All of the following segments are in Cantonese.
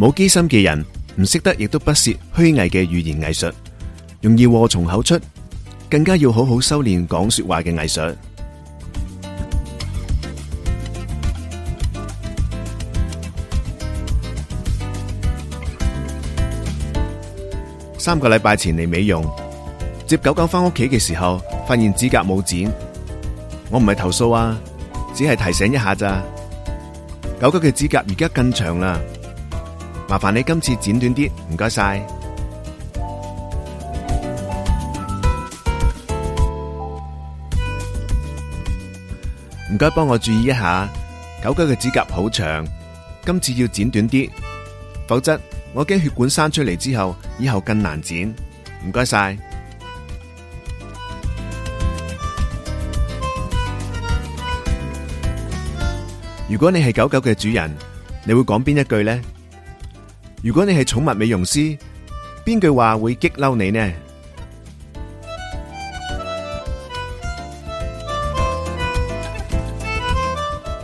冇機心嘅人唔識得，亦都不屑虛偽嘅語言藝術，容易禍從口出，更加要好好修煉講說話嘅藝術。三個禮拜前嚟美容，接狗狗翻屋企嘅時候，發現指甲冇剪，我唔係投訴啊，只係提醒一下咋。狗狗嘅指甲而家更長啦。麻煩你今次剪短啲，唔該晒。唔該，幫我注意一下，狗狗嘅指甲好長，今次要剪短啲，否則我驚血管生出嚟之後，以後更難剪。唔該晒。如果你係狗狗嘅主人，你會講邊一句呢？如果你係寵物美容師，邊句話會激嬲你呢？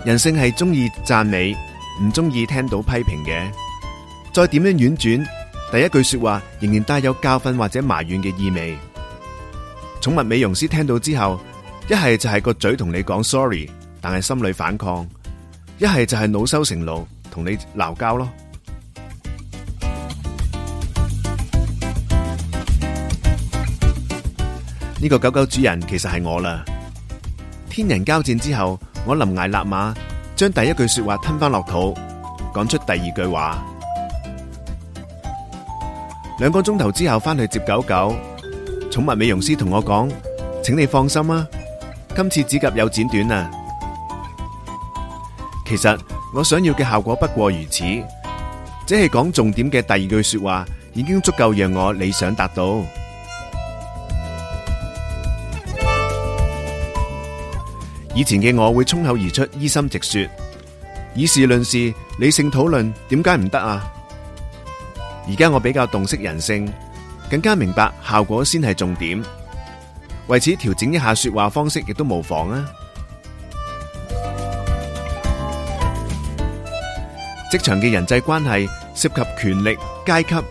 人性係中意讚美，唔中意聽到批評嘅。再點樣婉轉，第一句說話仍然帶有教訓或者埋怨嘅意味。寵物美容師聽到之後，一係就係個嘴同你講 sorry，但係心裏反抗；一係就係惱羞成怒，同你鬧交咯。呢、這個狗狗主人其實係我啦。天人交戰之後，我臨崖勒馬，將第一句說話吞翻落肚，講出第二句話。兩個鐘頭之後翻去接狗狗，寵物美容師同我講，請你放心啊，今次趾甲有剪短啊。其實我想要嘅效果不過如此，只係講重點嘅第二句說話已經足夠讓我理想達到。以前嘅我會衝口而出、依心直說、議事論事、理性討論，點解唔得啊？而家我比較洞悉人性，更加明白效果先係重點。為此調整一下說話方式亦都無妨啊！職場嘅人際關係涉及權力階級，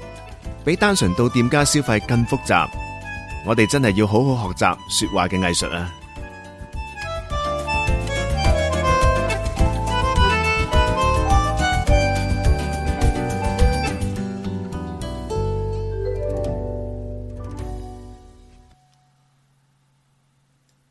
比單純到店家消費更複雜。我哋真係要好好學習說話嘅藝術啊！